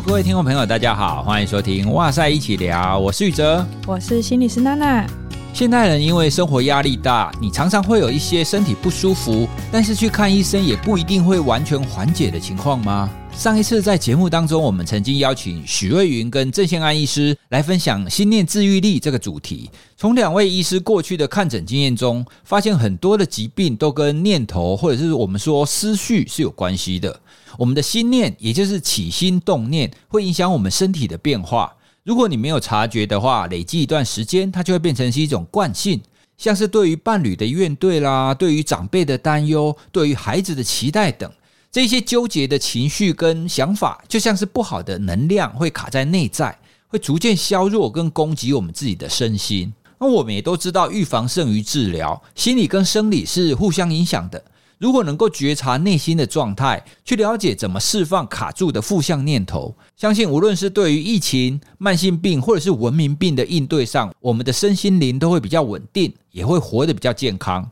各位聽眾朋友，大家好，歡迎收聽《哇賽一起聊》，我是宇哲，我是心理師娜娜。現代人因為生活壓力大，你常常會有一些身體不舒服，但是去看醫生也不一定會完全緩解的情況嗎？上一次在節目當中，我們曾經邀請許瑞云跟鄭先安醫師來分享心念自癒力這個主題。從兩位醫師過去的看診經驗中，發現很多的疾病都跟念頭，或者是我們說思緒是有關係的。我們的心念，也就是起心動念，會影響我們身體的變化。如果你沒有察覺的話，累積一段時間，它就會變成是一種慣性，像是對於伴侶的怨懟啦，對於長輩的擔憂，對於孩子的期待等。這些糾結的情緒跟想法，就像是不好的能量，會卡在內在，會逐漸削弱跟攻擊我們自己的身心。那我們也都知道，預防勝於治療，心理跟生理是互相影響的。如果能夠覺察內心的狀態，去了解怎麼釋放卡住的負向念頭，相信無論是對於疫情、慢性病或者是文明病的應對上，我們的身心靈都會比較穩定，也會活得比較健康。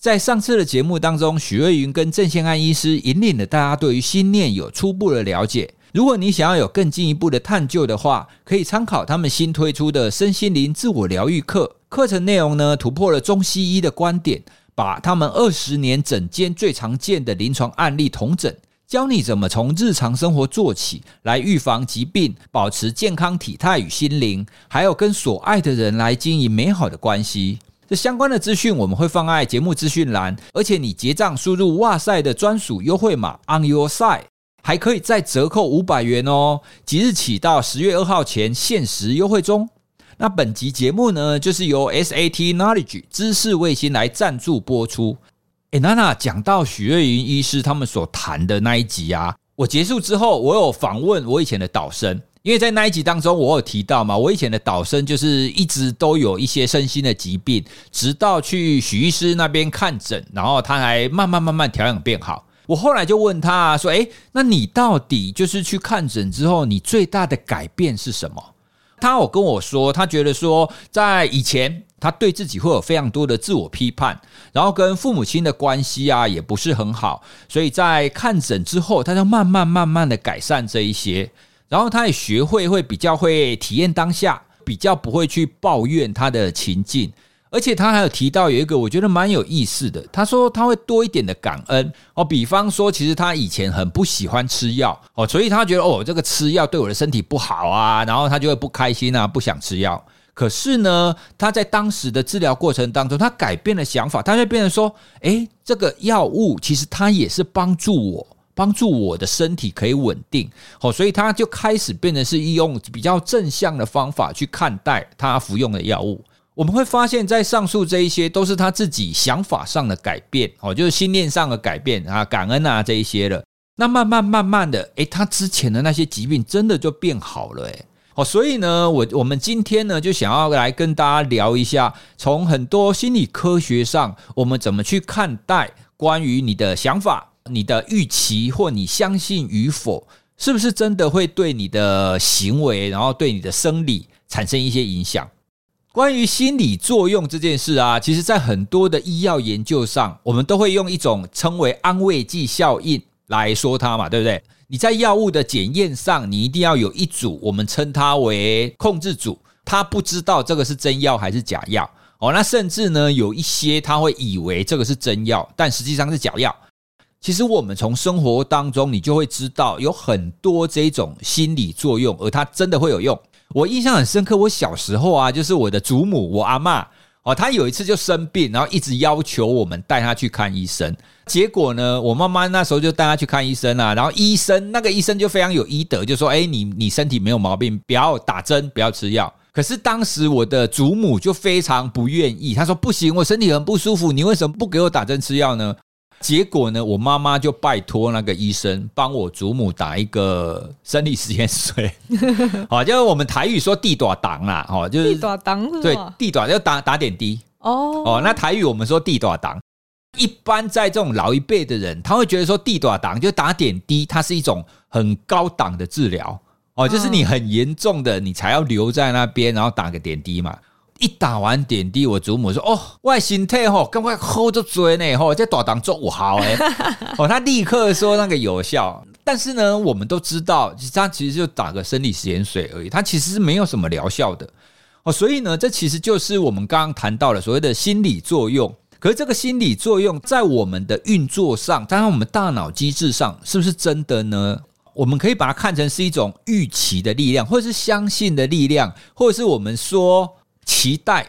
在上次的節目當中，許瑞云跟鄭先安醫師引領了大家對於心念有初步的了解。如果你想要有更進一步的探究的話，可以參考他們新推出的身心靈自我療癒課。課程內容呢，突破了中西醫的觀點，把他們二十年診間最常見的臨床案例統整，教你怎麼從日常生活做起，來預防疾病，保持健康體態與心靈，還有跟所愛的人來經營美好的關係。這相關的資訊我們會放在節目資訊欄，而且你結賬輸入“哇賽”的專屬優惠碼 “onyourpsy”，還可以再折扣五百元哦！即日起到十月二號前限時優惠中。那本集節目呢，就是由 SAT Knowledge 知識衛星來贊助播出。誒，娜娜講到許瑞雲醫師他們所談的那一集啊，我結束之後，我有訪問我以前的導生。因為在那一集當中，我有提到嘛，我以前的導生就是一直都有一些身心的疾病，直到去許醫師那邊看診，然後他還慢慢慢慢調養變好。我後來就問他說：“誒、欸，那你到底就是去看診之後，你最大的改變是什麼？”他有跟我說，他覺得說，在以前他對自己會有非常多的自我批判，然後跟父母親的關係啊也不是很好，所以在看診之後，他就慢慢慢慢的改善這一些。然後他也學會會比較會體驗當下，比較不會去抱怨他的情境，而且他還有提到有一個我覺得蠻有意思的，他說他會多一點的感恩哦，比方說其實他以前很不喜歡吃藥哦，所以他覺得哦，這個吃藥對我的身體不好啊，然後他就會不開心啊，不想吃藥。可是呢，他在當時的治療過程當中，他改變了想法，他就變成說，誒，這個藥物其實它也是幫助我。幫助我的身體可以穩定，好，所以他就開始變得是用比較正向的方法去看待他服用的藥物。我們會發現，在上述這一些都是他自己想法上的改變，哦，就是心念上的改變啊，感恩啊這一些了。那慢慢慢慢的，誒，他之前的那些疾病真的就變好了，誒。哦，所以呢，我我們今天呢就想要來跟大家聊一下，從很多心理科學上，我們怎麼去看待關於你的想法。你的預期或你相信與否，是不是真的會對你的行為，然後對你的生理產生一些影響？關於心理作用這件事啊，其實在很多的醫藥研究上，我們都會用一種稱為安慰劑效應來說它嘛，對不對？你在藥物的檢驗上，你一定要有一組，我們稱它為控制組，他不知道這個是真藥還是假藥哦。那甚至呢，有一些他會以為這個是真藥，但實際上是假藥。其實我們從生活當中，你就會知道有很多這種心理作用，而它真的會有用。我印象很深刻，我小時候啊，就是我的祖母，我阿嬤哦，她有一次就生病，然後一直要求我們帶她去看醫生。結果呢，我媽媽那時候就帶她去看醫生啊，然後醫生那個醫生就非常有醫德，就說：“誒，你你身體沒有毛病，不要打針，不要吃藥。”可是當時我的祖母就非常不願意，她說：“不行，我身體很不舒服，你為什麼不給我打針吃藥呢？”結果呢，我媽媽就拜託那個醫生幫我祖母打一個生理實驗水。好、 哦，就是我們台語說地“地短擋”啦，就是“地短擋”，對，“地短”就打打點滴哦。哦，那台語我們說“地短擋”，一般在這種老一輩的人，他會覺得說“地短擋”就打點滴，它是一種很高檔的治療。哦，就是你很嚴重的，你才要留在那邊，然後打個點滴嘛。一打完點滴，我祖母說：“哦，外心太吼，趕快喝就追呢吼後，在大堂中午。好，哎。”哦，他、 哦、立刻說那個有效。但是呢，我們都知道，其實他其實就打個生理鹽水而已，他其實是沒有什麼療效的哦。所以呢，這其實就是我們剛剛談到了所謂的心理作用。可是這個心理作用在我們的運作上，當然我們大腦機制上，是不是真的呢？我們可以把它看成是一種預期的力量，或者是相信的力量，或者是我們說。期待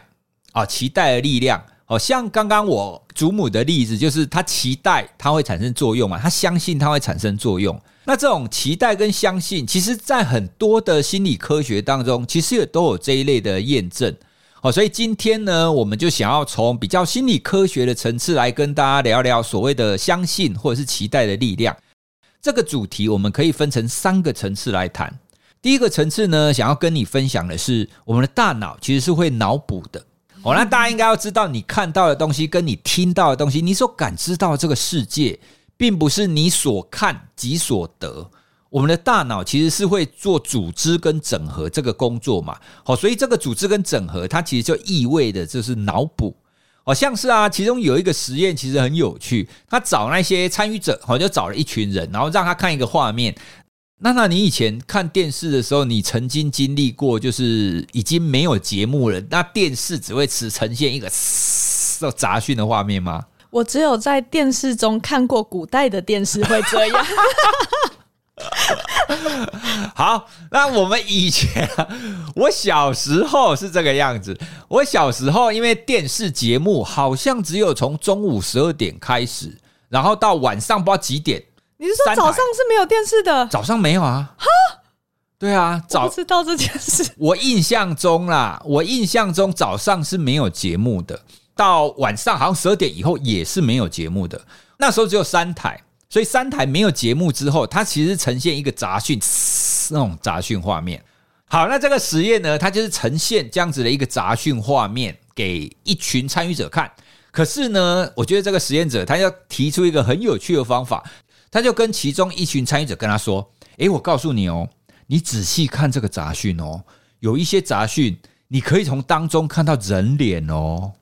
啊，期待的力量，好，像剛剛我祖母的例子，就是他期待它會產生作用嘛，他相信它會產生作用。那這種期待跟相信，其實在很多的心理科學當中，其實也都有這一類的驗證。好，所以今天呢，我們就想要從比較心理科學的層次來跟大家聊聊所謂的相信或者是期待的力量。這個主題我們可以分成三個層次來談。第一個層次呢，想要跟你分享的是，我們的大腦其實是會腦補的。好,那大家應該要知道，你看到的東西跟你聽到的東西，你所感知到的這個世界，並不是你所看即所得。我們的大腦其實是會做組織跟整合這個工作嘛。好，所以這個組織跟整合，它其實就意味著就是腦補。好像是啊，其中有一個實驗其實很有趣，他找那些參與者，好，就找了一群人，然後讓他看一個畫面。Nana 你以前看電視的時候，你曾經經歷過，就是已經沒有節目了，那電視只會只呈現一個有雜訊的畫面嗎？我只有在電視中看過古代的電視會這樣 。 好，那我們以前，我小時候是這個樣子。我小時候因為電視節目好像只有從中午十二點開始，然後到晚上不知道幾點。你是說早上是沒有電視的？早上沒有啊！哈，對啊，早知道這件事，我印象中啦，我印象中早上是沒有節目的，到晚上好像十二點以後也是沒有節目的。那時候只有三台，所以三台沒有節目之後，它其實呈現一個雜訊，那種雜訊畫面。好，那這個實驗呢，它就是呈現這樣子的一個雜訊畫面，給一群參與者看。可是呢，我覺得這個實驗者，他要提出一個很有趣的方法。他就跟其中一群參與者跟他說：“欸，我告訴你哦，你仔細看這個雜訊哦，有一些雜訊你可以從當中看到人臉哦，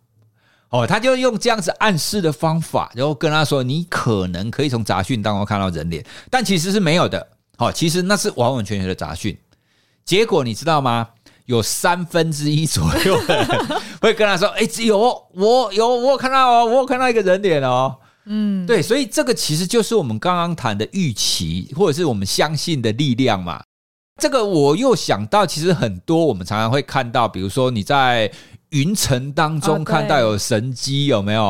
哦，他就用這樣子暗示的方法，然後跟他說你可能可以從雜訊當中看到人臉，但其實是沒有的，哦，其實那是完完全全的雜訊。結果你知道嗎？有三分之一左右會跟他說：‘欸，有，我有，我有看到哦，我有看到一個人臉哦。’”嗯，對，所以這個其實就是我們剛剛談的預期，或者是我們相信的力量嘛。這個我又想到，其實很多我們常常會看到，比如說你在。雲層當中看到有神機有沒有？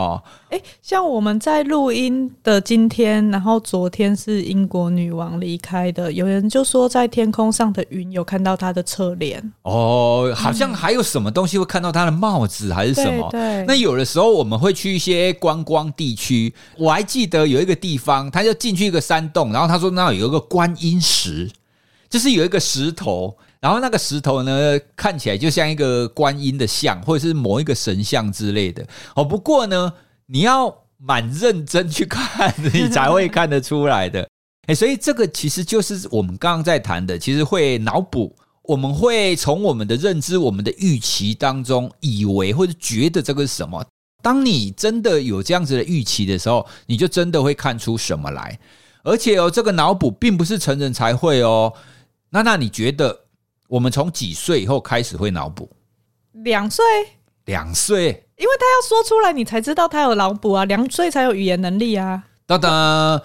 哎、啊，像我們在錄音的今天，然後昨天是英國女王離開的，有人就說在天空上的雲有看到她的側臉。哦，好像還有什麼東西會看到她的帽子還是什麼？嗯、對，對，那有的時候我們會去一些觀光地區，我還記得有一個地方，她就進去一個山洞，然後她說那有一個觀音石，就是有一個石頭。然後那個石頭呢，看起來就像一個觀音的像，或者是某一個神像之類的哦。不過呢，你要蠻認真去看，你才會看得出來的。誒、 欸，所以這個其實就是我們剛剛在談的，其實會腦補，我們會從我們的認知、我們的預期當中，以為或者覺得這個是什麼。當你真的有這樣子的預期的時候，你就真的會看出什麼來。而且哦，這個腦補並不是成人才會哦。娜娜，那你覺得？我們從幾歲以後開始會腦補？兩歲，兩歲，因為他要說出來，你才知道他有腦補啊。兩歲才有語言能力啊。等等，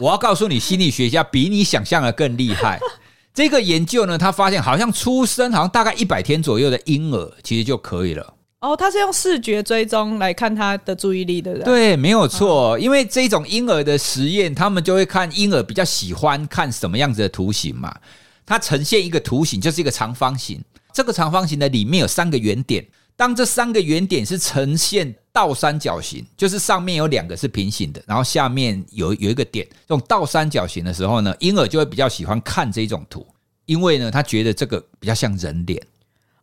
我要告訴你，心理學家比你想象的更厲害。 這個研究呢，他發現好像出生，好像大概一百天左右的嬰兒，其實就可以了。哦，他是用視覺追蹤來看他的注意力的。對，沒有錯，啊，因為這種嬰兒的實驗，他們就會看嬰兒比較喜歡看什麼樣子的圖形嘛。它呈現一個圖形，就是一個長方形。這個長方形的裡面有三個圓點，當這三個圓點是呈現倒三角形，就是上面有兩個是平行的，然後下面有有一個點，這種倒三角形的時候呢，嬰兒就會比較喜歡看這種圖，因為呢，他覺得這個比較像人臉。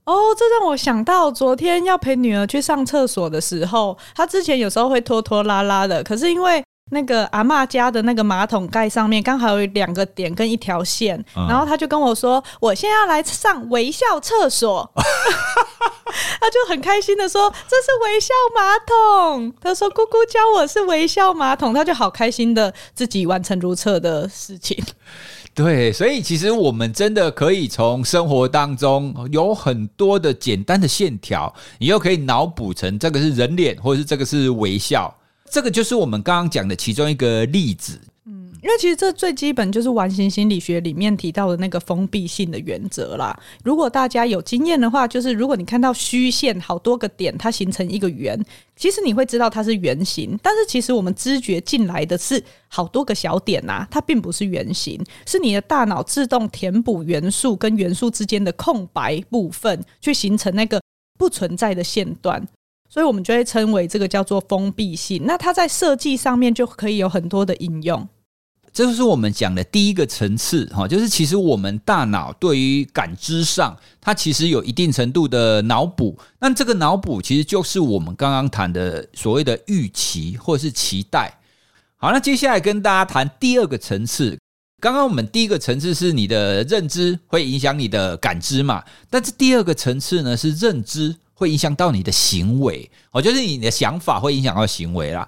哦，這讓我想到昨天要陪女兒去上廁所的時候，她之前有時候會拖拖拉拉的，可是因為。那個阿嬤家的那個馬桶蓋上面剛好有兩個點跟一條線，嗯，然後他就跟我說：“我現在要來上微笑廁所。 ” 他就很開心的說：“這是微笑馬桶。”他說：“姑姑教我是微笑馬桶。”他就好開心的自己完成如廁的事情。對，所以其實我們真的可以從生活當中有很多的簡單的線條，你又可以腦補成這個是人臉，或者是這個是微笑。這個就是我們剛剛講的其中一個例子。嗯，因為其實這最基本就是完形心理學裡面提到的那個封閉性的原則啦。如果大家有經驗的話，就是如果你看到虛線好多個點，它形成一個圓，其實你會知道它是圓形。但是其實我們知覺進來的是好多個小點啊，它並不是圓形，是你的大腦自動填補元素跟元素之間的空白部分，去形成那個不存在的線段。所以我們就會稱為這個叫做封閉性。那它在設計上面就可以有很多的應用。這就是我們講的第一個層次哈，哦，就是其實我們大腦對於感知上，它其實有一定程度的腦補。那這個腦補其實就是我們剛剛談的所謂的預期或是期待。好，那接下來跟大家談第二個層次。剛剛我們第一個層次是你的認知會影響你的感知嘛，但是第二個層次呢是認知會影響到你的行為，哦，就是你的想法會影響到行為啦。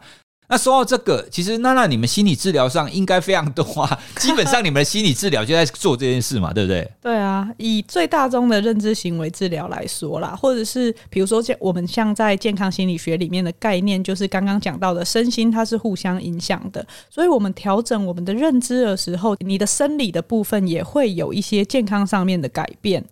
那說到這個，其實娜娜，你們心理治療上應該非常多啊，基本上你們的心理治療就在做這件事嘛，對不對？對啊，以最大宗的認知行為治療來說啦，或者是比如說像我們像在健康心理學裡面的概念，就是剛剛講到的身心它是互相影響的，所以我們調整我們的認知的時候，你的生理的部分也會有一些健康上面的改變。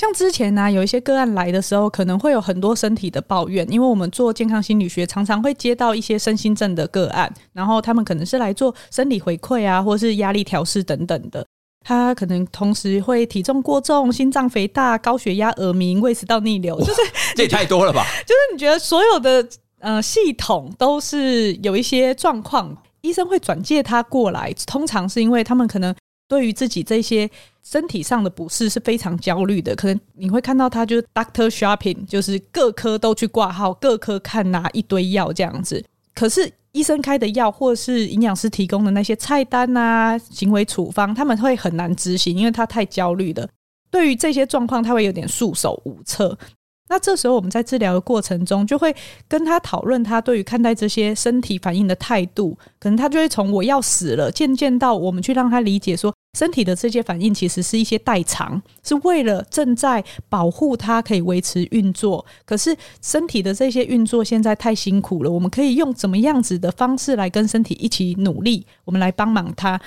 像之前呢、啊，有一些個案來的時候，可能會有很多身體的抱怨，因為我們做健康心理學，常常會接到一些身心症的個案，然後他們可能是來做生理回饋啊，或是壓力調適等等的。他可能同時會體重過重、心臟肥大、高血壓、耳鳴、胃食道逆流，就是這也太多了吧？ 就是你覺得所有的呃系統都是有一些狀況，醫生會轉介他過來，通常是因為他們可能。對於自己這些身體上的不適是非常焦慮的，可能你會看到他就是 doctor shopping，就是各科都去掛號，各科看啊，拿一堆藥這樣子。可是醫生開的藥，或者是營養師提供的那些菜單啊、行為處方，他們會很難執行，因為他太焦慮的。對於這些狀況，他會有點束手無策。那這時候我們在治療的過程中，就會跟他討論他對於看待這些身體反應的態度，可能他就會從我要死了，漸漸到我們去讓他理解說。身體的這些反應其實是一些代償，是為了正在保護它，可以維持運作。可是身體的這些運作現在太辛苦了，我們可以用怎麼樣子的方式來跟身體一起努力，我們來幫忙它。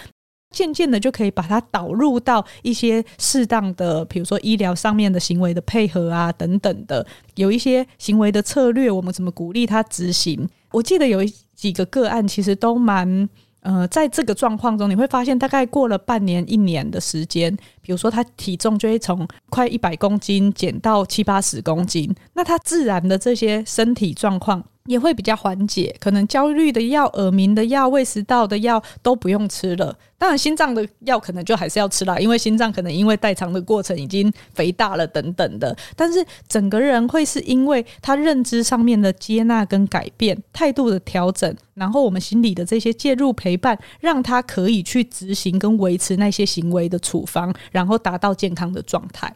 漸漸的就可以把它導入到一些適當的，比如說醫療上面的行為的配合啊等等的，有一些行為的策略，我們怎麼鼓勵它執行？我記得有幾個個案其實都蠻。呃，在這個狀況中，你會發現大概過了半年、一年的時間。比如說，他體重就會從快一百公斤減到七八十公斤，那他自然的這些身體狀況也會比較緩解，可能焦慮的藥、耳鳴的藥、胃食道的藥都不用吃了。當然，心臟的藥可能就還是要吃啦，因為心臟可能因為代償的過程已經肥大了等等的。但是，整個人會是因為他認知上面的接納跟改變、態度的調整，然後我們心理的這些介入陪伴，讓他可以去執行跟維持那些行為的處方。然後達到健康的狀態。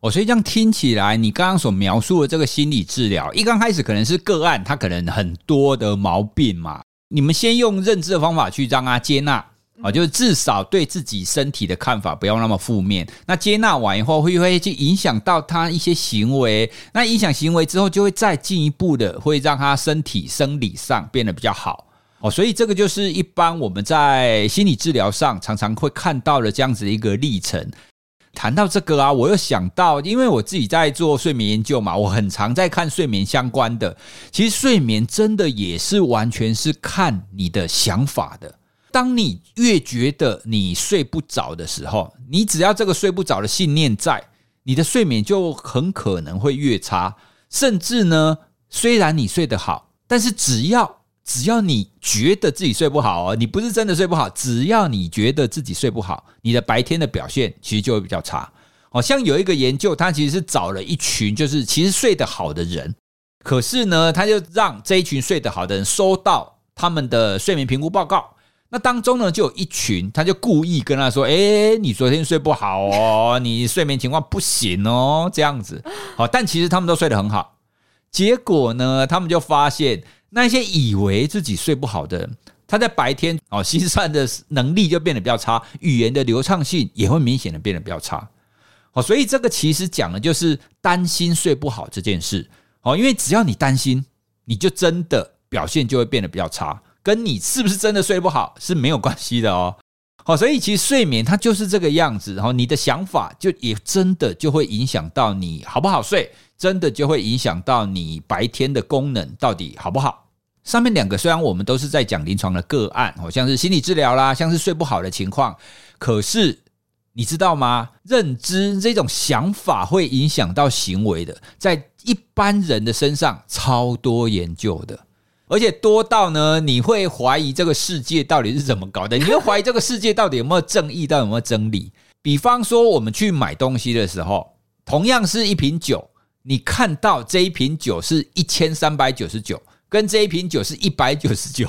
哦，所以這樣聽起來，你剛剛所描述的這個心理治療，一剛開始可能是個案，他可能很多的毛病嘛。你們先用認知的方法去讓他接納啊，哦，就是至少對自己身體的看法不要那麼負面。那接納完以後，會不會去影響到他一些行為？那影響行為之後，就會再進一步的，會讓他身體生理上變得比較好。哦，所以這個就是一般我們在心理治療上常常會看到的這樣子的一個歷程。談到這個啊，我又想到，因為我自己在做睡眠研究嘛，我很常在看睡眠相關的。其實睡眠真的也是完全是看你的想法的。當你越覺得你睡不着的時候，你只要這個睡不着的信念在，你的睡眠就很可能會越差。甚至呢，雖然你睡得好，但是只要只要你覺得自己睡不好哦，你不是真的睡不好。只要你覺得自己睡不好，你的白天的表現其實就會比較差。好像有一個研究，他其實是找了一群就是其實睡得好的人，可是呢，他就讓這一群睡得好的人收到他們的睡眠評估報告。那當中呢，就有一群他就故意跟他說：“欸，你昨天睡不好哦，你睡眠情況不行哦，這樣子哦。”好，但其實他們都睡得很好。結果呢，他們就發現。那些以為自己睡不好的人，他在白天哦，心算的能力就變得比較差，語言的流暢性也會明顯的變得比較差。哦，所以這個其實講的就是擔心睡不好這件事。哦，因為只要你擔心，你就真的表現就會變得比較差，跟你是不是真的睡不好是沒有關係的哦。好，哦，所以其實睡眠它就是這個樣子，哦，然後你的想法就也真的就會影響到你好不好睡，真的就會影響到你白天的功能到底好不好。上面兩個雖然我們都是在講臨床的個案，好像是心理治療啦，像是睡不好的情況，可是你知道嗎？認知這種想法會影響到行為的，在一般人的身上超多研究的，而且多到呢，你會懷疑這個世界到底是怎麼搞的？你會懷疑這個世界到底有沒有正義，到底有沒有真理？比方說，我們去買東西的時候，同樣是一瓶酒，你看到這一瓶酒是一千三百九十九。跟這一瓶酒是一百九十九，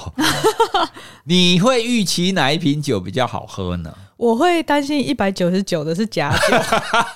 你會預期哪一瓶酒比較好喝呢？我會擔心一百九十九的是假酒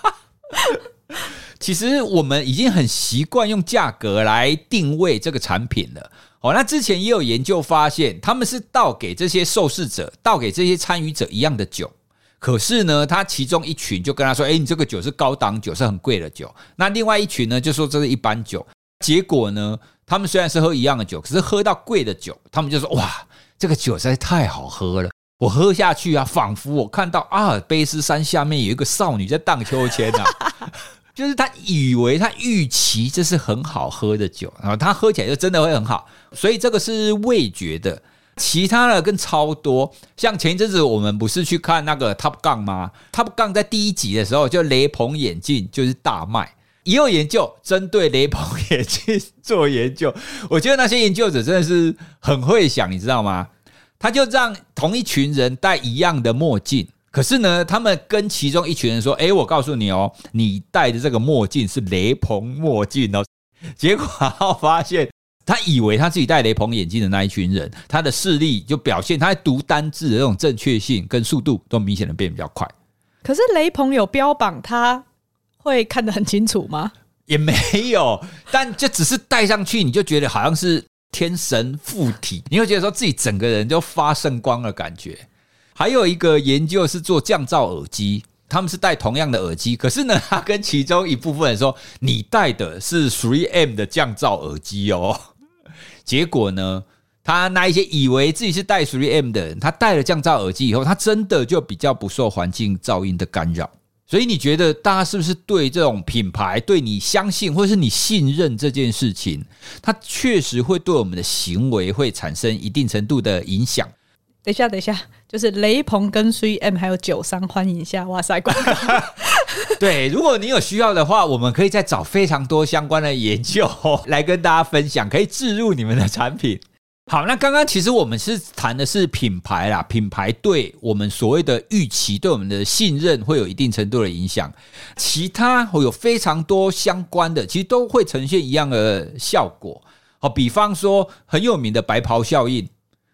其實我們已經很習慣用價格來定位這個產品了。哦，那之前也有研究發現，他們是倒給這些受試者，倒給這些參與者一樣的酒，可是呢，他其中一群就跟他說：“誒、欸，你這個酒是高檔酒，是很貴的酒。”那另外一群呢，就說這是一般酒。結果呢？他們雖然是喝一樣的酒，可是喝到貴的酒，他們就說：“哇，這個酒實在太好喝了！我喝下去啊，仿彿我看到阿爾卑斯山下面有一個少女在荡秋千吶。 ”就是他以為他預期這是很好喝的酒，然後他喝起來就真的會很好。所以這個是味覺的，其他的更超多。像前一陣子我們不是去看那個 Top Gun 嗎？Top Gun 在第一集的時候就雷朋眼鏡就是大賣。也有研究針對雷朋眼鏡做研究，我覺得那些研究者真的是很會想，你知道嗎？他就讓同一群人戴一樣的墨鏡，可是呢，他們跟其中一群人說：“誒、欸，我告訴你哦，你戴的這個墨鏡是雷朋墨鏡哦。”結果他發現，他以為他自己戴雷朋眼鏡的那一群人，他的視力就表現，他在讀單字的這種正確性跟速度都明顯的變比較快。可是雷朋有標榜他。會看得很清楚嗎？也沒有，但就只是戴上去，你就覺得好像是天神附體，你會覺得說自己整個人就發聖光的感覺。還有一個研究是做降噪耳機，他們是戴同樣的耳機，可是呢，他跟其中一部分人說，你戴的是 3M 的降噪耳機哦，結果呢，他那一些以為自己是戴 3M 的人，他戴了降噪耳機以後，他真的就比較不受環境噪音的干擾。所以你覺得大家是不是對這種品牌對你相信或者是你信任這件事情，它確實會對我們的行為會產生一定程度的影響？等一下，等一下，就是雷朋跟 C M 還有九三歡迎一下，哇賽，觀眾。 對，如果你有需要的話，我們可以再找非常多相關的研究來跟大家分享，可以置入你們的產品。好，那剛剛其實我們是談的是品牌啦，品牌對我們所謂的預期、對我們的信任會有一定程度的影響。其他會有非常多相關的，其實都會呈現一樣的效果。好，比方說很有名的白袍效應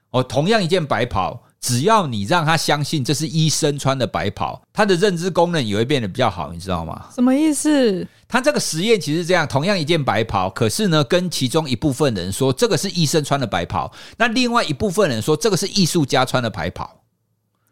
哦，同樣一件白袍。只要你讓他相信這是醫生穿的白袍，他的認知功能也會變得比較好，你知道嗎？什麼意思？他這個實驗其實是這樣，同樣一件白袍，可是呢，跟其中一部分人說這個是醫生穿的白袍，那另外一部分人說這個是藝術家穿的白袍。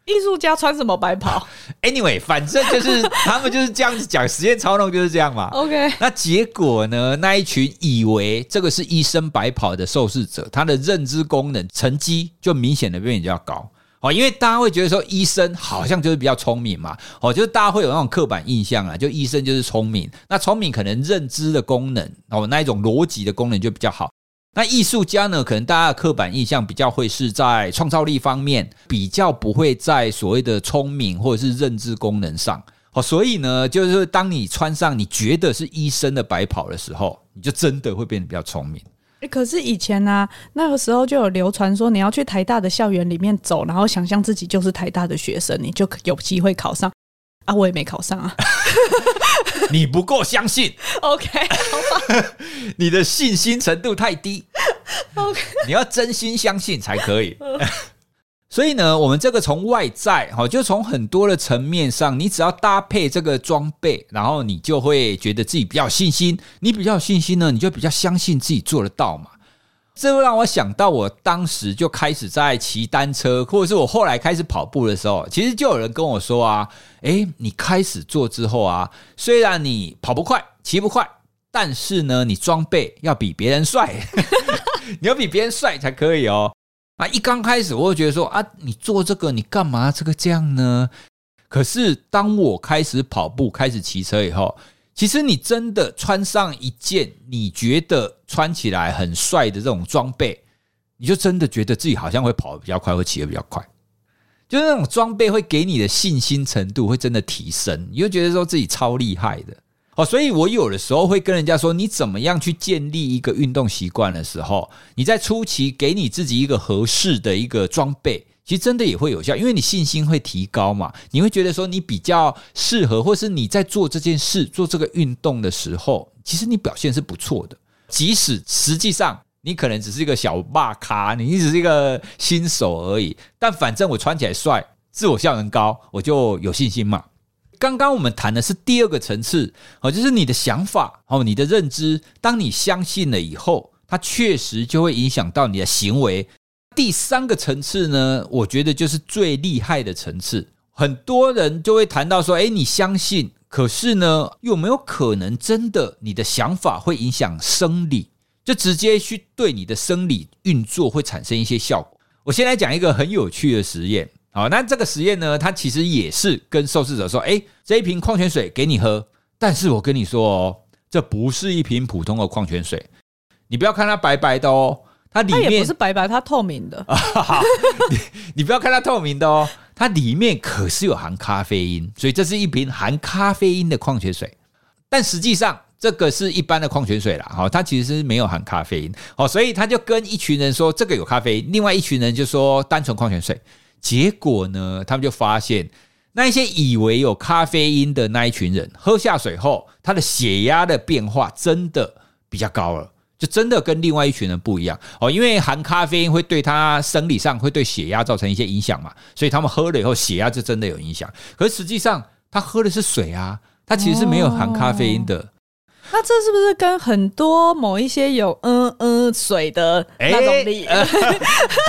藝術家穿什麼白袍？Anyway，反正就是他們就是這樣子講， 實驗操弄就是這樣嘛。OK，那結果呢？那一群以為這個是醫生白袍的受試者，他的認知功能成績就明顯的變得比較高。哦，因為大家會覺得說，醫生好像就是比較聰明嘛。哦，就是大家會有那種刻板印象啊，就醫生就是聰明，那聰明可能認知的功能哦，那一種邏輯的功能就比較好。那藝術家呢，可能大家的刻板印象比較會是在創造力方面，比較不會在所謂的聰明或者是認知功能上。哦，所以呢，就是當你穿上你覺得是醫生的白袍的時候，你就真的會變得比較聰明。可是以前啊，那個時候就有流傳說，你要去台大的校園裡面走，然後想象自己就是台大的學生，你就有機會考上。啊，我也沒考上啊。 你不夠相信。OK。 你的信心程度太低。OK 你要真心相信才可以。 所以呢，我們這個從外在哈，就從很多的層面上，你只要搭配這個裝備，然後你就會覺得自己比較有信心，你比較有信心呢，你就比較相信自己做得到嘛。這讓我想到，我當時就開始在騎單車，或者是我後來開始跑步的時候，其實就有人跟我說啊，誒、欸，你開始做之後啊，雖然你跑不快，騎不快，但是呢，你裝備要比別人帥， 你要比別人帥才可以哦。啊！一剛開始，我就覺得說啊，你做這個你幹嘛？這個這樣呢？可是當我開始跑步、開始騎車以後，其實你真的穿上一件你覺得穿起來很帥的這種裝備，你就真的覺得自己好像會跑得比較快，會騎得比較快。就是那種裝備會給你的信心程度會真的提升，你就覺得說自己超厲害的。好，所以我有的時候會跟人家說，你怎麼樣去建立一個運動習慣的時候，你在初期給你自己一個合適的一個裝備，其實真的也會有效，因為你信心會提高嘛，你會覺得說你比較適合，或是你在做這件事，做這個運動的時候，其實你表現是不錯的，即使實際上你可能只是一個小肉咖，你只是一個新手而已，但反正我穿起來帥，自我效能高，我就有信心嘛。剛剛我們談的是第二個層次，哦，就是你的想法哦，你的認知，當你相信了以後，它確實就會影響到你的行為。第三個層次呢，我覺得就是最厲害的層次。很多人就會談到說，誒，你相信，可是呢，有沒有可能真的你的想法會影響生理？就直接去對你的生理運作會產生一些效果。我先來講一個很有趣的實驗。好、哦，那這個實驗呢，它其實也是跟受試者說：“哎、欸，這一瓶礦泉水給你喝，但是我跟你說哦，這不是一瓶普通的礦泉水，你不要看它白白的哦，它裡面它也不是白白，它透明的、 哦，你。你不要看它透明的哦，它裡面可是有含咖啡因，所以這是一瓶含咖啡因的礦泉水。但實際上這個是一般的礦泉水了，好、哦，它其實是沒有含咖啡因。好、哦，所以他就跟一群人說這個有咖啡因。另外一群人就說單純礦泉水。”結果呢，他們就發現，那一些以為有咖啡因的那一群人，喝下水後，他的血壓的變化真的比較高了，就真的跟另外一群人不一樣哦。因為含咖啡因會對他生理上會對血壓造成一些影響嘛，所以他們喝了以後血壓就真的有影響。可實際上，他喝的是水啊，他其實是沒有含咖啡因的。哦。那這是不是跟很多某一些有嗯嗯水的那種力？欸呃、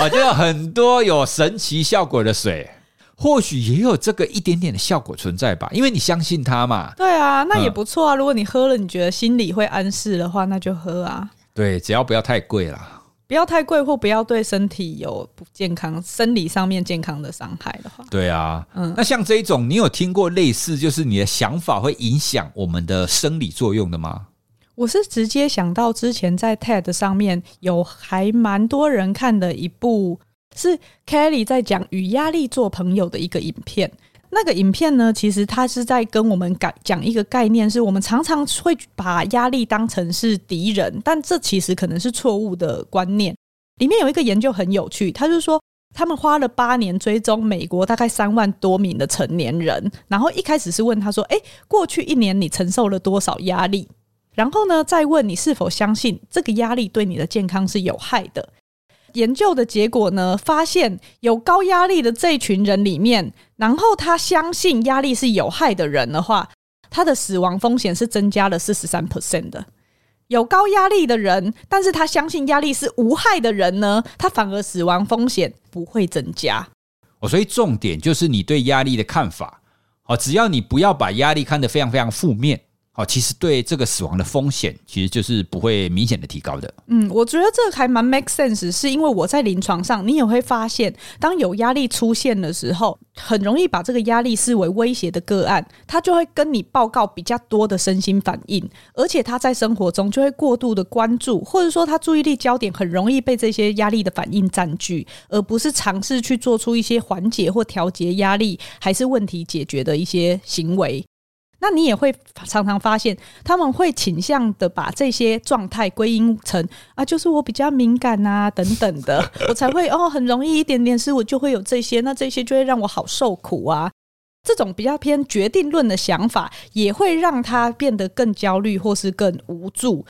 啊，就有很多有神奇效果的水，或許也有這個一點點的效果存在吧，因為你相信它嘛。對啊，那也不錯啊，嗯。如果你喝了，你覺得心裡會安適的話，那就喝啊。對，只要不要太貴啦。不要太貴，或不要對身體有不健康、生理上面健康的傷害的話。對啊，嗯，那像這一種，你有聽過類似，就是你的想法會影響我們的生理作用的嗎？我是直接想到之前在 TED 上面有還蠻多人看的一部，是 Kelly 在講與壓力做朋友的一個影片。那個影片呢，其實它是在跟我們講一個概念，是我們常常會把壓力當成是敵人，但這其實可能是錯誤的觀念。裡面有一個研究很有趣，他就是說，他們花了八年追蹤美國大概三萬多名的成年人，然後一開始是問他說：“誒，過去一年你承受了多少壓力？”然後呢，再問你是否相信這個壓力對你的健康是有害的。研究的結果呢，發現有高壓力的這一群人裡面，然後他相信壓力是有害的人的話，他的死亡風險是增加了四十三 percent 的。有高壓力的人，但是他相信壓力是無害的人呢，他反而死亡風險不會增加。哦，所以重點就是你對壓力的看法。哦，只要你不要把壓力看得非常非常負面。哦，其實對這個死亡的風險，其實就是不會明顯的提高的。嗯，我覺得這還蠻 make sense，是因為我在臨床上，你也會發現，當有壓力出現的時候，很容易把這個壓力視為威脅的個案，他就會跟你報告比較多的身心反應，而且他在生活中就會過度的關注，或者說他注意力焦點很容易被這些壓力的反應占據，而不是嘗試去做出一些緩解或調節壓力，還是問題解決的一些行為。那你也會常常發現，他們會傾向的把這些狀態歸因成啊，就是我比較敏感啊，等等的，我才會哦，很容易一點點失誤就會有這些，那這些就會讓我好受苦啊。這種比較偏決定論的想法，也會讓他變得更焦慮或是更無助。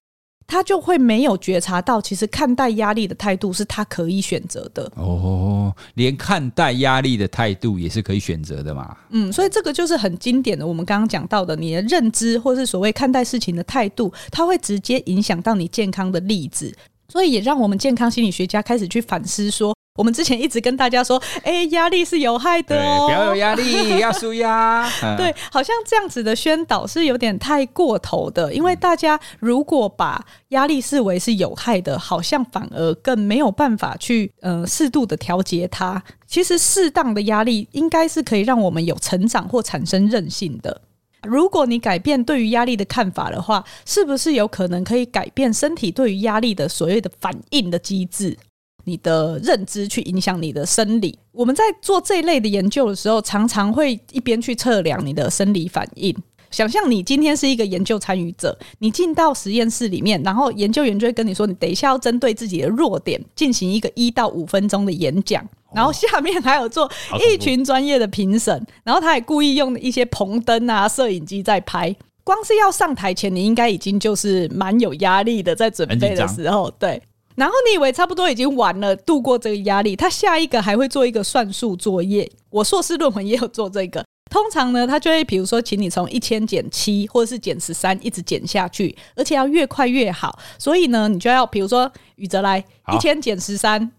他就會沒有覺察到，其實看待壓力的態度是他可以選擇的。哦，連看待壓力的態度也是可以選擇的嘛？嗯，所以這個就是很經典的，我們剛剛講到的，你的認知或是所謂看待事情的態度，它會直接影響到你健康的例子。所以也讓我們健康心理學家開始去反思說，我們之前一直跟大家說，哎、欸，壓力是有害的哦、喔，不要有壓力，要舒壓。 對，好像這樣子的宣導是有點太過頭的，因為大家如果把壓力視為是有害的，好像反而更沒有辦法去呃適度的調節它。其實適當的壓力應該是可以讓我們有成長或產生韌性的。如果你改變對於壓力的看法的話，是不是有可能可以改變身體對於壓力的所謂的反應的機制？你的認知去影響你的生理。我們在做這一類的研究的時候，常常會一邊去測量你的生理反應。想象你今天是一個研究參與者，你進到實驗室裡面，然後研究員就會跟你說：“你等一下要針對自己的弱點進行一個一到五分鐘的演講。”然後下面還有做一群專業的評審，然後他還故意用一些棚燈啊、攝影機在拍。光是要上台前，你應該已經就是蠻有壓力的，在準備的時候，對。然後你以為差不多已經完了，度過這個壓力，他下一個還會做一個算術作業。我碩士論文也有做這個，通常呢，他就會比如說，請你從一千減七，或者是減十三，一直減下去，而且要越快越好。所以呢，你就要比如說，宇哲來，一千減十三，誒、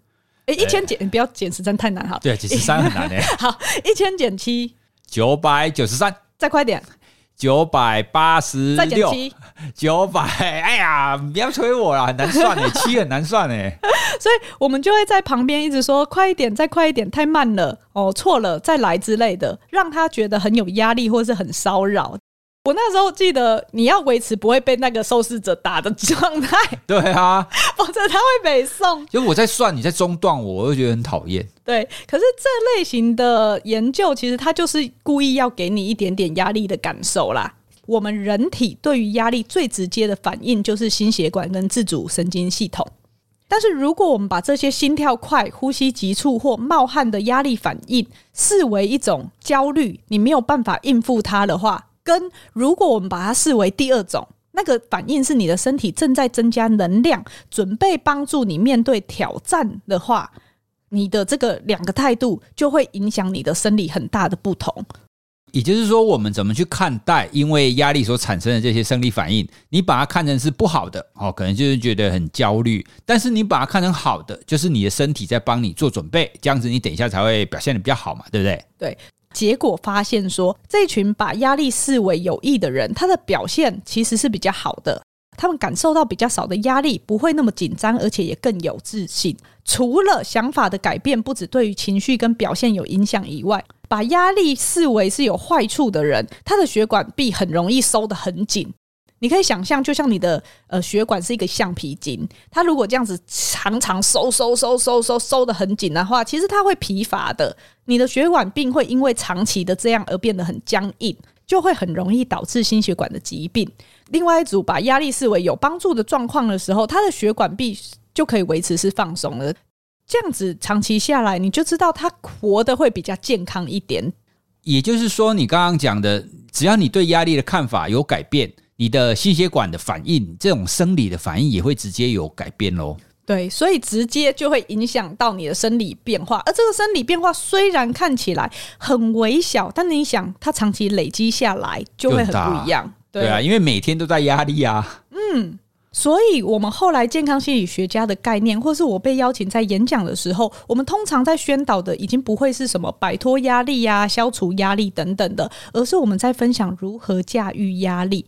欸，一千減不要減十三太難哈，對，減十三很難的、欸。 好，一千減七，九百九十三，再快點。九百八十六，再減七，九百，哎呀，不要催我啦，很難算誒、欸， 七很難算誒、欸，所以我們就會在旁邊一直說，快一點，再快一點，太慢了，哦，錯了，再來之類的，讓他覺得很有壓力，或是很騷擾。我那時候記得你要維持不會被那個受試者打的狀態，對啊，否則他會被送。因為我在算你在中斷我，我就覺得很討厭。對，可是這類型的研究其實它就是故意要給你一點點壓力的感受啦。我們人體對於壓力最直接的反應就是心血管跟自主神經系統。但是如果我們把這些心跳快、呼吸急促或冒汗的壓力反應視為一種焦慮，你沒有辦法應付它的話。跟如果我們把它視為第二種，那個反應是你的身體正在增加能量，準備幫助你面對挑戰的話，你的這個兩個態度就會影響你的生理很大的不同。也就是說，我們怎麼去看待因為壓力所產生的這些生理反應？你把它看成是不好的哦，可能就是覺得很焦慮；但是你把它看成好的，就是你的身體在幫你做準備，這樣子你等一下才會表現得比較好嘛，對不對？對。結果發現說，這群把壓力視為有益的人，他的表現其實是比較好的。他們感受到比較少的壓力，不會那麼緊張，而且也更有自信。除了想法的改變，不只對於情緒跟表現有影響以外，把壓力視為是有壞處的人，他的血管壁很容易收得很緊。你可以想象，就像你的呃血管是一個橡皮筋，它如果這樣子常常收收收收收收得很緊的話，其實它會疲乏的。你的血管壁會因為長期的這樣而變得很僵硬，就會很容易導致心血管的疾病。另外一組把壓力視為有幫助的狀況的時候，他的血管壁就可以維持是放鬆了。這樣子長期下來，你就知道他活得會比較健康一點。也就是說，你剛剛講的，只要你對壓力的看法有改變。你的心血管的反應，這種生理的反應也會直接有改變咯。對，所以直接就會影響到你的生理變化。而這個生理變化雖然看起來很微小，但你想，它長期累積下來就會很不一樣。對啊，因為每天都在壓力啊。嗯，所以我們後來健康心理學家的概念，或是我被邀請在演講的時候，我們通常在宣導的已經不會是什麼擺脫壓力呀、啊、消除壓力等等的，而是我們在分享如何駕馭壓力。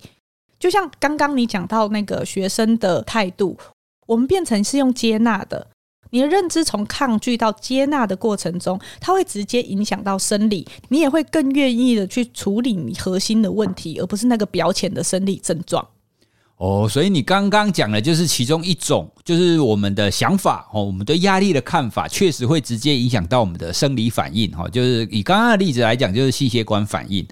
就像剛剛你講到那個學生的態度，我們變成是用接納的。你的認知從抗拒到接納的過程中，它會直接影響到生理，你也會更願意的去處理你核心的問題，而不是那個表淺的生理症狀。哦，所以你剛剛講的就是其中一種，就是我們的想法哦，我們對壓力的看法，確實會直接影響到我們的生理反應。哈，就是以剛剛的例子來講，就是心血管反應。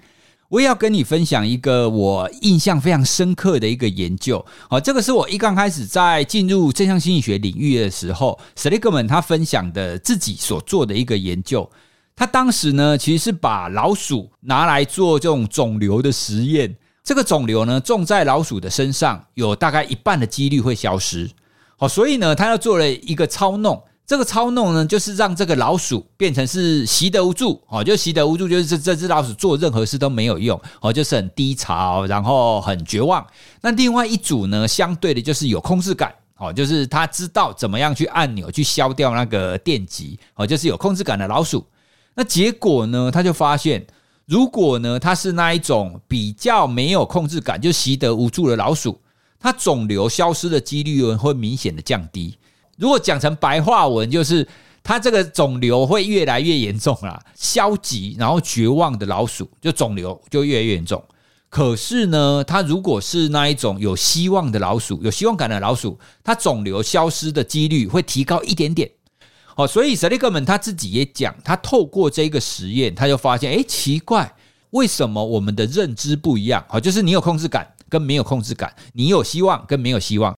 我也要跟你分享一個我印象非常深刻的一個研究，好，這個是我一剛開始在進入正向心理學領域的時候，Seligman 他分享的自己所做的一個研究。他當時呢，其實是把老鼠拿來做這種腫瘤的實驗，這個腫瘤呢種在老鼠的身上，有大概一半的幾率會消失。好，所以呢，他要做了一個操弄。這個操弄呢，就是讓這個老鼠變成是習得無助，哦，就習得無助，就，助就是這這隻老鼠做任何事都沒有用，哦，就是很低潮，然後很絕望。那另外一組呢，相對的就是有控制感，哦，就是他知道怎麼樣去按鈕去消掉那個電擊，哦，就是有控制感的老鼠。那結果呢，他就發現，如果呢，他是那一種比較沒有控制感，就習得無助的老鼠，它腫瘤消失的幾率會明顯的降低。如果講成白話文，就是它這個腫瘤會越來越嚴重啦，消極然後絕望的老鼠，就腫瘤就越嚴越重。可是呢，它如果是那一種有希望的老鼠，有希望感的老鼠，它腫瘤消失的幾率會提高一點點。所以 s e 克們他自己也講，他透過這個實驗，他就發現，誒、欸、奇怪，為什麼我們的認知不一樣？就是你有控制感跟沒有控制感，你有希望跟沒有希望。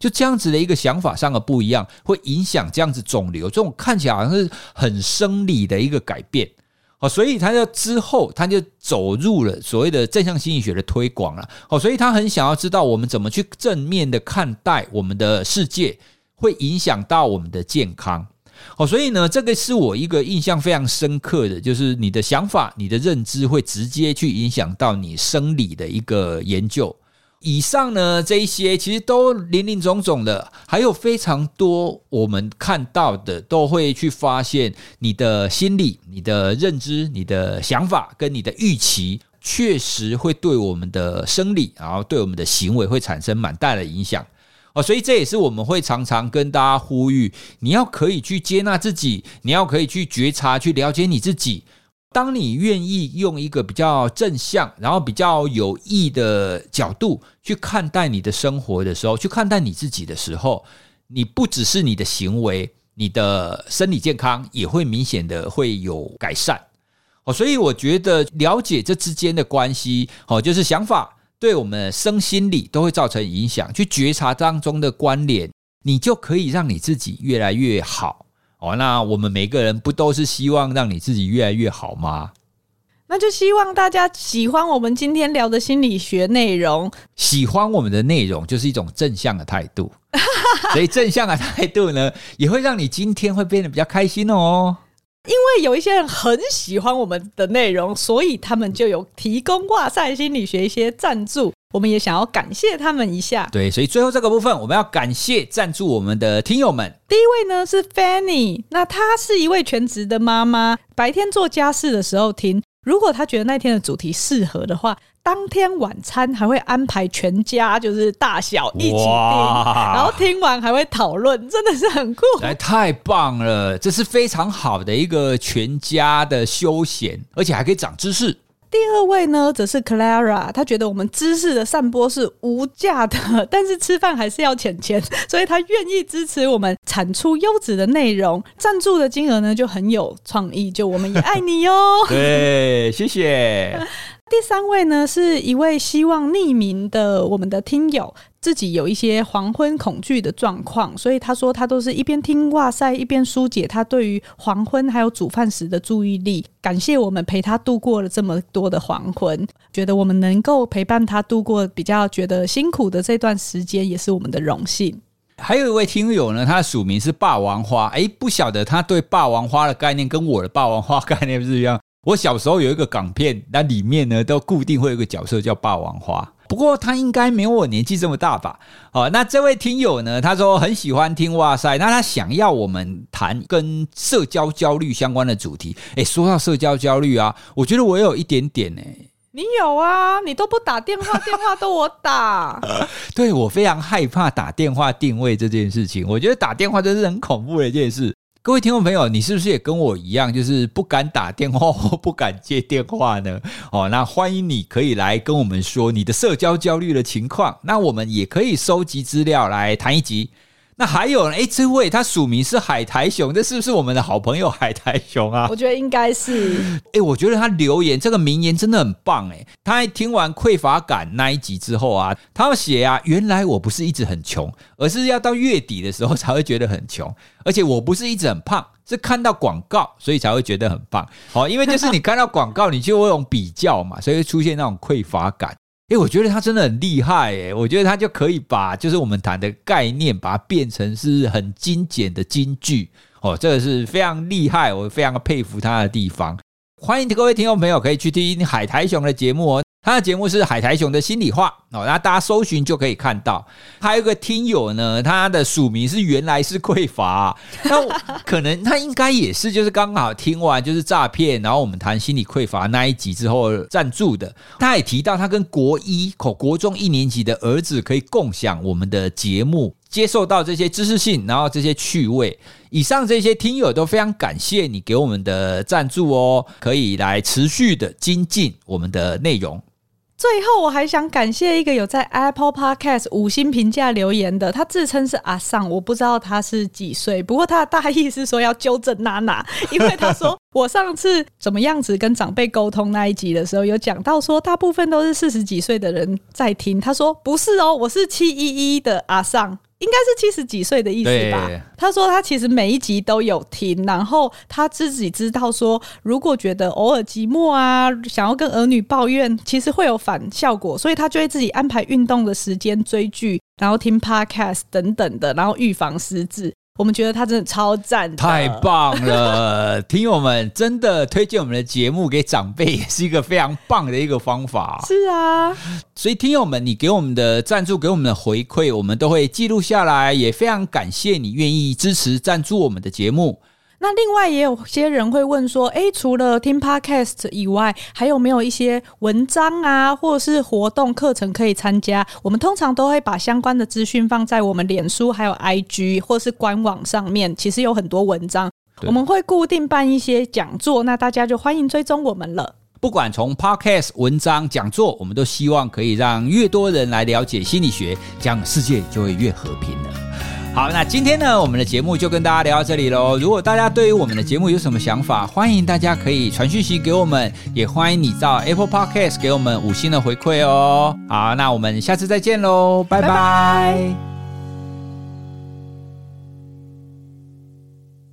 就這樣子的一個想法上的不一樣，會影響這樣子腫瘤，這種看起來好像是很生理的一個改變。好，所以他就之後他就走入了所謂的正向心理學的推廣了。好，所以他很想要知道我們怎麼去正面的看待我們的世界，會影響到我們的健康。好，所以呢，這個是我一個印象非常深刻的，就是你的想法、你的認知會直接去影響到你生理的一個研究。以上呢，這一些其實都林林總總的，還有非常多我們看到的，都會去發現你的心理、你的認知、你的想法跟你的預期，確實會對我們的生理，然後對我們的行為會產生蠻大的影響哦。所以這也是我們會常常跟大家呼籲，你要可以去接納自己，你要可以去覺察、去了解你自己。當你願意用一個比較正向，然後比較有益的角度去看待你的生活的時候，去看待你自己的時候，你不只是你的行為，你的身體健康也會明顯的會有改善。哦，所以我覺得了解這之間的關係，哦，就是想法對我們生心理都會造成影響，去覺察當中的關聯，你就可以讓你自己越來越好。哦，那我們每個人不都是希望讓你自己越來越好嗎？那就希望大家喜歡我們今天聊的心理學內容，喜歡我們的內容就是一種正向的態度， 所以正向的態度呢，也會讓你今天會變得比較開心哦。因為有一些人很喜歡我們的內容，所以他們就有提供哇賽心理學一些贊助。我們也想要感謝他們一下。對，所以最後這個部分，我們要感謝贊助我們的聽友們。第一位呢是 Fanny，那她是一位全職的媽媽，白天做家事的時候聽。如果她覺得那天的主題適合的話，當天晚餐還會安排全家就是大小一起聽，然後聽完還會討論，真的是很酷。哎，太棒了，這是非常好的一個全家的休閒，而且還可以長知識。第二位呢，則是 Clara，他覺得我們知識的散播是無價的，但是吃飯還是要錢錢，所以他願意支持我們產出優質的內容，贊助的金額呢就很有創意，就我們也愛你喲、喔。 對，謝謝。第三位呢，是一位希望匿名的我們的聽友，自己有一些黃昏恐懼的狀況，所以他說他都是一邊聽哇塞，一邊疏解他對於黃昏還有煮飯時的注意力。感謝我們陪他度過了這麼多的黃昏，覺得我們能夠陪伴他度過比較覺得辛苦的這段時間，也是我們的榮幸。還有一位聽友呢，他的署名是霸王花，哎、欸，不曉得他對霸王花的概念跟我的霸王花概念是不是一樣？我小時候有一個港片，那裡面呢都固定會有一個角色叫霸王花，不過他應該沒有我年紀這麼大吧？好、哦，那這位聽友呢，他說很喜歡聽，哇賽！那他想要我們談跟社交焦慮相關的主題。誒、欸、說到社交焦慮啊，我覺得我有一點點誒、欸、你有啊？你都不打電話， 電話都我打。 對，我非常害怕打電話定位這件事情，我覺得打電話真是很恐怖的一件事。各位聽眾朋友，你是不是也跟我一樣，就是不敢打電話或不敢接電話呢？哦，那歡迎你可以來跟我們說你的社交焦慮的情況，那我們也可以收集資料來談一集。那還有呢？哎、欸，這位他署名是海苔熊，這是不是我們的好朋友海苔熊啊？我覺得應該是。哎、欸，我覺得他留言這個名言真的很棒哎、欸！他一聽完匱乏感那一集之後啊，他要寫啊，原來我不是一直很窮，而是要到月底的時候才會覺得很窮。而且我不是一直很胖，是看到廣告所以才會覺得很棒。」好，因為就是你看到廣告，你就會有比較嘛，所以會出現那種匱乏感。誒，我覺得他真的很厲害誒！我覺得他就可以把就是我們談的概念，把它變成是很精簡的金句哦，這個是非常厲害，我非常佩服他的地方。歡迎各位聽眾朋友可以去聽海苔熊的節目哦。他的節目是《海苔熊的心理話》哦，那大家搜尋就可以看到。還有個聽友呢，他的署名是“原來是匱乏”，那 可能他應該也是，就是剛好聽完就是詐騙，然後我們談心理匱乏那一集之後贊助的。他也提到，他跟國一、口國中一年級的兒子可以共享我們的節目，接受到這些知識性，然後這些趣味。以上這些聽友都非常感謝你給我們的贊助哦，可以來持續的精進我們的內容。最後，我還想感謝一個有在 Apple Podcast 五星評價留言的，他自稱是阿尚，我不知道他是幾歲，不過他的大意是說要糾正娜娜，因為他說 我上次怎麼樣子跟長輩溝通那一集的時候，有講到說大部分都是四十幾歲的人在聽，他說不是哦，我是七一一的阿尚。應該是七十幾歲的意思吧。他說他其實每一集都有聽，然後他自己知道說，如果覺得偶爾寂寞啊，想要跟兒女抱怨，其實會有反效果，所以他就會自己安排運動的時間、追劇，然後聽 podcast 等等的，然後預防失智。我們覺得他真的超贊，太棒了！ 聽友們真的推薦我們的節目給長輩，也是一個非常棒的一個方法。是啊，所以聽友們，你給我們的贊助，給我們的回饋，我們都會記錄下來，也非常感謝你願意支持贊助我們的節目。那另外也有些人會問說，欸，除了聽 podcast 以外，還有沒有一些文章啊，或者是活動課程可以參加？我們通常都會把相關的資訊放在我們臉書、還有 IG 或是官網上面。其實有很多文章，我們會固定辦一些講座，那大家就歡迎追蹤我們了。不管從 podcast，文章、講座，我們都希望可以讓越多人來了解心理學，這樣世界就會越和平了。好，那今天呢，我們的節目就跟大家聊到這裡嘍。如果大家對於我們的節目有什麼想法，歡迎大家可以傳訊息給我們，也歡迎你到 Apple Podcast 給我們五星的回饋哦。好，那我們下次再見嘍，拜拜。拜拜。